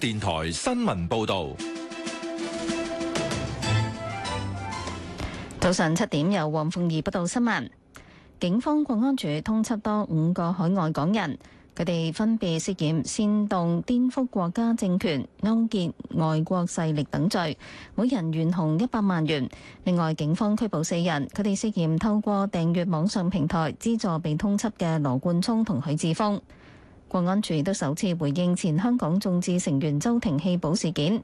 電台新聞報道：早上七點，由黃鳳儀報道新聞。警方國安處通緝多五個海外港人，佢哋分別涉嫌煽動顛覆國家政權、勾結外國勢力等罪，每人懸紅一百萬元。另外，警方拘捕四人，佢哋涉嫌透過訂閱網上平台資助被通緝嘅羅冠聰同許智峰。國安處都首次回應前香港眾志成員周庭棄保事件，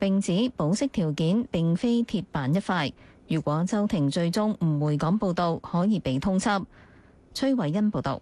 並指保釋條件並非鐵板一塊。如果周庭最終唔回港報道，可以被通緝。崔偉恩報導。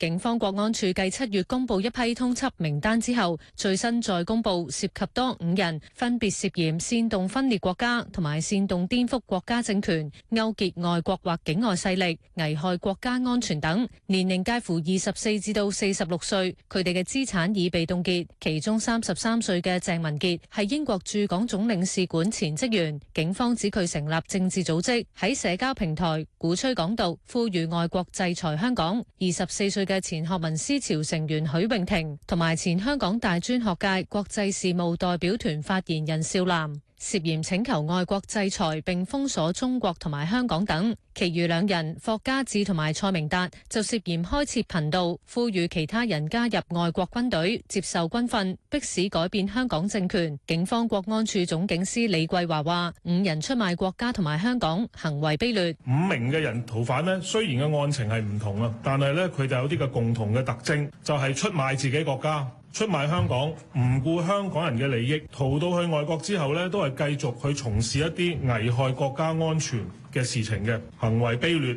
警方國安處繼七月公布一批通緝名單之後，最新再公布涉及多五人，分別涉嫌煽動分裂國家同埋煽動顛覆國家政權、勾結外國或境外勢力、危害國家安全等，年齡介乎二十四至到四十六歲。佢哋嘅資產已被凍結，其中三十三歲嘅鄭文傑係英國駐港總領事館前職員。警方指佢成立政治組織，喺社交平台鼓吹港獨，呼籲外國制裁香港。二十四歲嘅前學民思潮成員許穎婷，同埋前香港大專學界國際事務代表團發言人邵嵐。涉嫌請求外國制裁並封鎖中國同埋香港等，其餘兩人霍家志同埋蔡明達就涉嫌開設頻道，呼籲其他人加入外國軍隊接受軍訓，迫使改變香港政權。警方國安處總警司李桂華話：五人出賣國家同埋香港，行為卑劣。五名嘅人逃犯咧，雖然嘅案情係唔同啊，但係咧佢就有啲嘅共同嘅特徵，就係、是、出賣自己國家。出賣香港，唔顧香港人嘅利益，逃到去外國之後呢，都係繼續去從事一啲危害國家安全嘅事情嘅，行為卑劣。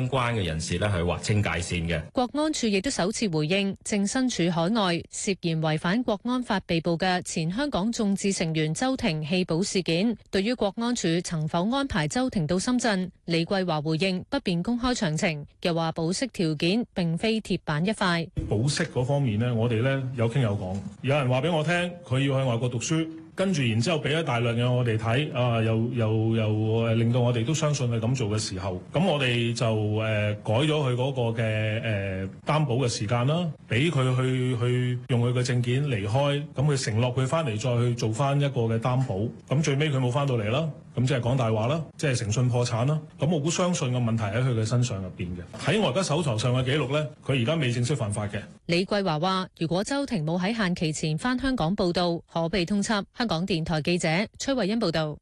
相關嘅人士呢，係劃清界線嘅。國安處亦都首次回應，正身處海外涉嫌違反國安法被捕嘅前香港眾志成員周庭棄保事件，對於國安處曾否安排周庭到深圳，李桂華回應，不便公開詳情，又話保釋條件並非鐵板一塊。保釋嗰方面呢，我哋呢有傾有講，有人話俾我聽，佢要喺外國讀書。跟住，然之後俾咗大量嘅我哋睇，啊，又又又誒，令到我哋都相信佢咁做嘅時候，咁我哋就誒、呃、改咗佢嗰個嘅誒擔保嘅時間啦，俾佢去去用佢嘅證件離開，咁佢承諾佢翻嚟再去做翻一個嘅擔保，咁最尾佢冇翻到嚟啦，咁即係講大話啦，即係誠信破產啦。咁我好相信個問題喺佢嘅身上入邊嘅。喺我而家手頭上嘅記錄咧，佢而家未正式犯法嘅。李桂華話，如果周庭冇喺限期前翻香港報到，可被通緝。香港電台記者崔慧欣報道：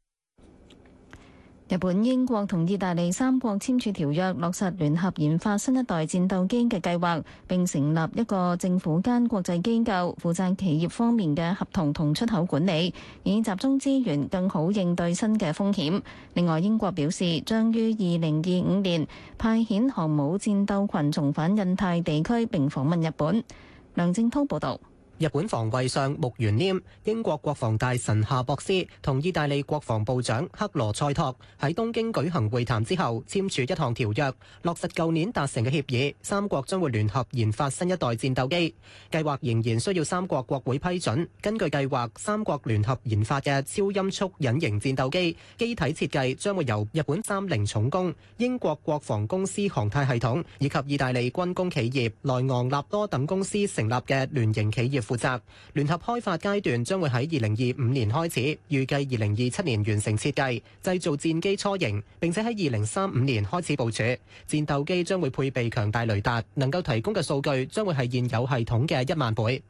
日本、英國同意大利三國簽署條約，落實聯合研發新一代戰鬥機嘅計劃，並成立一個政府間國際機構，負責企業方面嘅合同同出口管理，以集中資源更好應對新嘅風險。另外，英國表示將於二零二五年派遣航母戰鬥群重返印太地區，並訪問日本。梁正滔報道。日本防衛相木原稔、英國國防大臣夏博斯同意大利國防部長克羅塞托喺東京舉行會談之後，簽署一項條約，落實舊年達成嘅協議。三國將會聯合研發新一代戰鬥機，計劃仍然需要三國國會批准。根據計劃，三國聯合研發嘅超音速隱形戰鬥機機體設計將會由日本三菱重工、英國國防公司航太系統以及意大利軍工企業萊昂納多等公司成立嘅聯營企業。負責聯合開發階段將會喺二零二五年開始，預計二零二七年完成設計、製造戰機初型，並且喺二零三五年開始部署。戰鬥機將會配備強大雷達，能夠提供嘅數據將會係現有系統嘅一萬倍。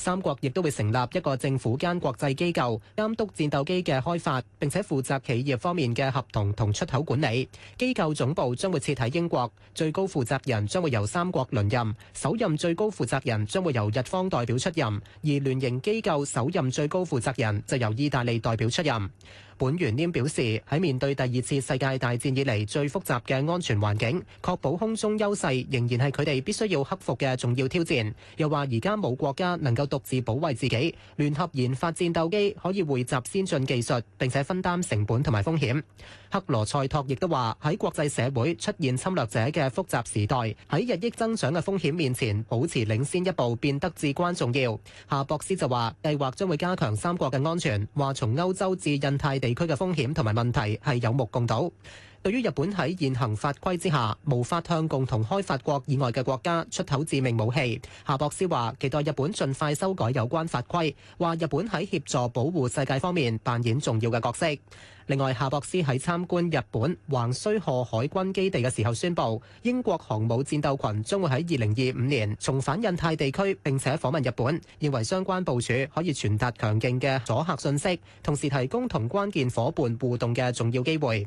三國亦都會成立一個政府間國際機構，監督戰鬥機嘅開發，並且負責企業方面嘅合同同出口管理。機構總部將會設喺英國，最高負責人將會由三國輪任，首任最高負責人將會由日方代表出任，而聯營機構首任最高負責人就由意大利代表出任。本原稔表示，喺面對第二次世界大戰以嚟最複雜嘅安全環境，確保空中優勢仍然係佢哋必須要克服嘅重要挑戰。又話而家冇國家能夠獨自保衞自己，聯合研發戰鬥機可以匯集先進技術，並且分擔成本同埋風險。克羅塞托亦都話，喺國際社會出現侵略者嘅複雜時代，喺日益增長嘅風險面前，保持領先一步變得至關重要。夏博斯就話，計劃將會加強三國嘅安全，話從歐洲至印太地。地區嘅風險同埋問題係有目共睹。對於日本喺現行法規之下無法向共同開發國以外嘅國家出口致命武器，夏博斯話：期待日本盡快修改有關法規。話日本喺協助保護世界方面扮演重要嘅角色。另外，夏博斯喺參觀日本橫須賀海軍基地嘅時候宣布，英國航母戰鬥群將會喺二零二五年重返印太地區，並且訪問日本。認為相關部署可以傳達強勁嘅阻嚇信息，同時提供同關鍵夥伴互動嘅重要機會。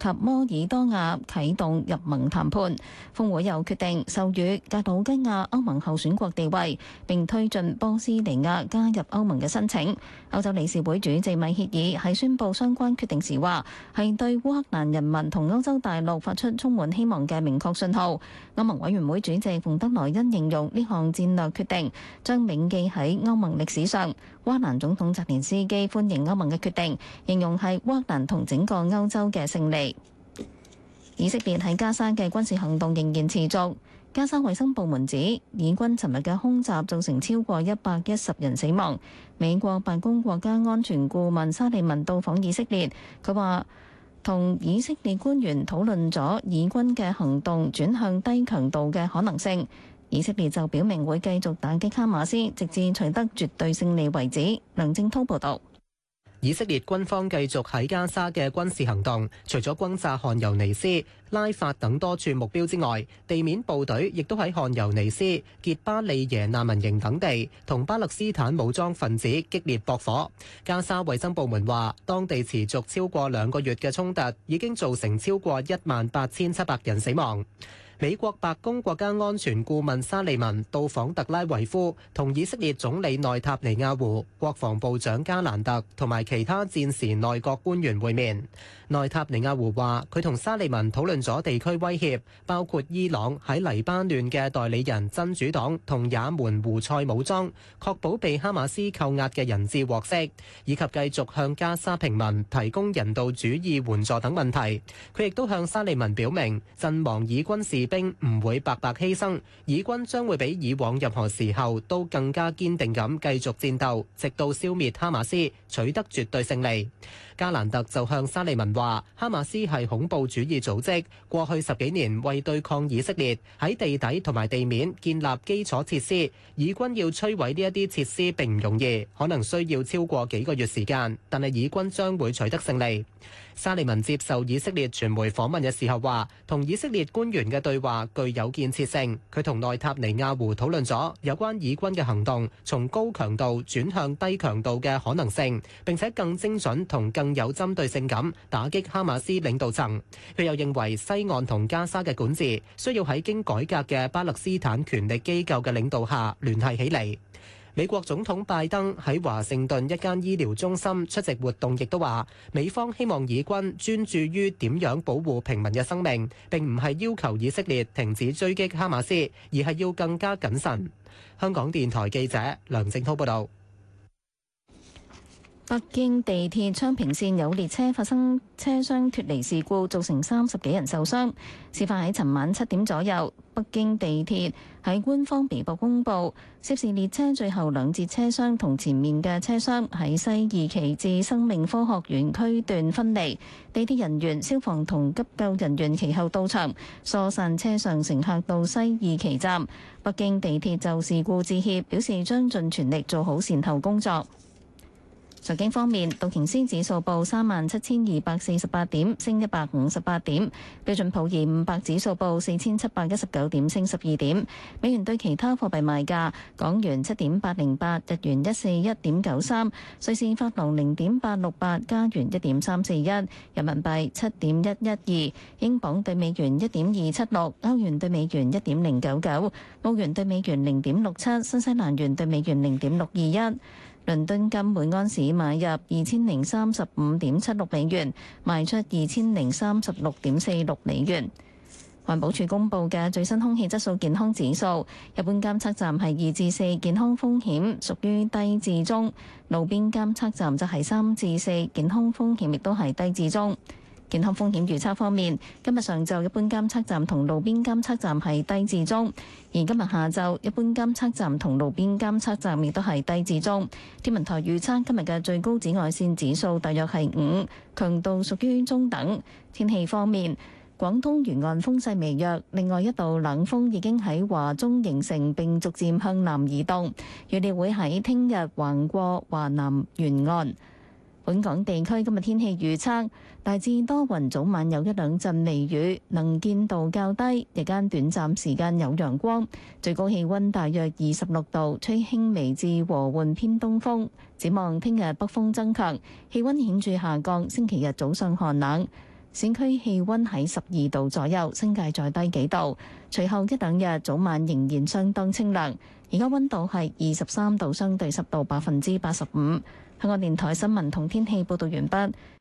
及摩爾多瓦啟動入盟談判，峰會又決定授予格魯吉亞歐盟候選國地位，並推進波斯尼亞加入歐盟嘅申請。歐洲理事會主席米歇爾喺宣布相關決定時話，係對烏克蘭人民同歐洲大陸發出充滿希望嘅明確信號。歐盟委員會主席馮德萊恩形容呢項戰略決定將銘記喺歐盟歷史上。烏克蘭總統澤連斯基歡迎歐盟嘅決定，形容係烏克蘭同整個歐洲嘅勝利。以色列喺加沙嘅軍事行動仍然持續，加沙衛生部門指，以軍尋日嘅空襲造成超過一百一十人死亡。美國白宮國家安全顧問沙利文到訪以色列，佢話同以色列官員討論咗以軍嘅行動轉向低強度嘅可能性。以色列就表明會繼續打擊卡馬斯，直至取得絕對勝利為止。梁正濤報道。以色列軍方繼續喺加沙嘅軍事行動，除咗轟炸汗尤尼斯、拉法等多處目標之外，地面部隊亦都喺汗尤尼斯、傑巴利耶難民營等地同巴勒斯坦武裝分子激烈駁火。加沙衛生部門話，當地持續超過兩個月嘅衝突已經造成超過一萬八千七百人死亡。美國白宮國家安全顧問沙利文到訪特拉維夫，同以色列總理內塔尼亞胡、國防部長加蘭特同埋其他戰時內閣官員會面。內塔尼亞胡話：佢同沙利文討論咗地區威脅，包括伊朗喺黎巴嫩嘅代理人真主黨同也門胡塞武裝，確保被哈馬斯扣押嘅人質獲釋，以及繼續向加沙平民提供人道主義援助等問題。佢亦都向沙利文表明，陣亡以軍事兵唔會白白犧牲，以軍將會比以往任何時候都更加堅定咁繼續戰鬥，直到消滅哈馬斯，取得絕對勝利。加蘭特就向沙利文話，哈馬斯係恐怖主義組織，過去十幾年為對抗以色列，喺地底同埋地面建立基礎設施，以軍要摧毀呢一啲設施並唔容易，可能需要超過幾個月時間，但係以軍將會取得勝利。沙利文接受以色列傳媒訪問嘅時候話，同以色列官員嘅對話具有建設性。佢同內塔尼亞胡討論咗有關以軍嘅行動，從高強度轉向低強度嘅可能性，並且更精準同更有針對性咁打擊哈馬斯領導層，佢又認為西岸同加沙嘅管治需要喺經改革嘅巴勒斯坦權力機構嘅領導下聯繫起嚟。美國總統拜登喺華盛頓一間醫療中心出席活動，亦都話：美方希望以軍專注於點樣保護平民嘅生命，並唔係要求以色列停止追擊哈馬斯，而係要更加謹慎。香港電台記者梁正滔報道。北京地鐵昌平線有列車發生車廂脫離事故，造成三十幾人受傷。事發喺尋晚七點左右，北京地鐵喺官方微博公布，涉事列車最後兩節車廂同前面嘅車廂喺西二旗至生命科學園區段分離，地鐵人員、消防同急救人員其後到場疏散車上乘客到西二旗站。北京地鐵就事故致歉，表示將盡全力做好善後工作。財經方面，道瓊斯指數報三萬七千二百四十八點，升一百五十八點；標準普爾五百指數報四千七百一十九點，升十二點。美元對其他貨幣賣價：港元七點八零八，日元一四一點九三，瑞士法郎零點八六八，加元一點三四一，人民幣七點一一二，英鎊對美元一點二七六，歐元對美元一點零九九，澳元對美元零點六七，新西蘭元對美元零點六二一。倫敦金每安士買入二千零三十五點七六美元，賣出二千零三十六點四六美元。環保署公佈嘅最新空氣質素健康指數，一般監測站係二至四，健康風險屬於低至中；路邊監測站就係三至四，健康風險亦都係低至中。健康風險預測方面，今日上晝一般監測站同路邊監測站係低至中，而今日下晝一般監測站同路邊監測站亦都係低至中。天文台預測今日嘅最高紫外線指數大約係五，強度屬於中等。天氣方面，廣東沿岸風勢微弱，另外一道冷鋒已經喺華中形成並逐漸向南移動，預料會喺聽日橫過華南沿岸。本港地區今日天氣預測，大致多雲，早晚有一兩陣微雨，能見度較低，日間短暫時間有陽光，最高氣温大約二十六度，吹輕微至和緩偏東風。展望聽日北風增強，氣温顯著下降，星期日早上寒冷，市區氣温喺十二度左右，新界再低幾度。隨後一兩日早晚仍然相當清涼，而家温度係二十三度，相對濕度百分之八十五。香港電台新聞同天氣報道完畢。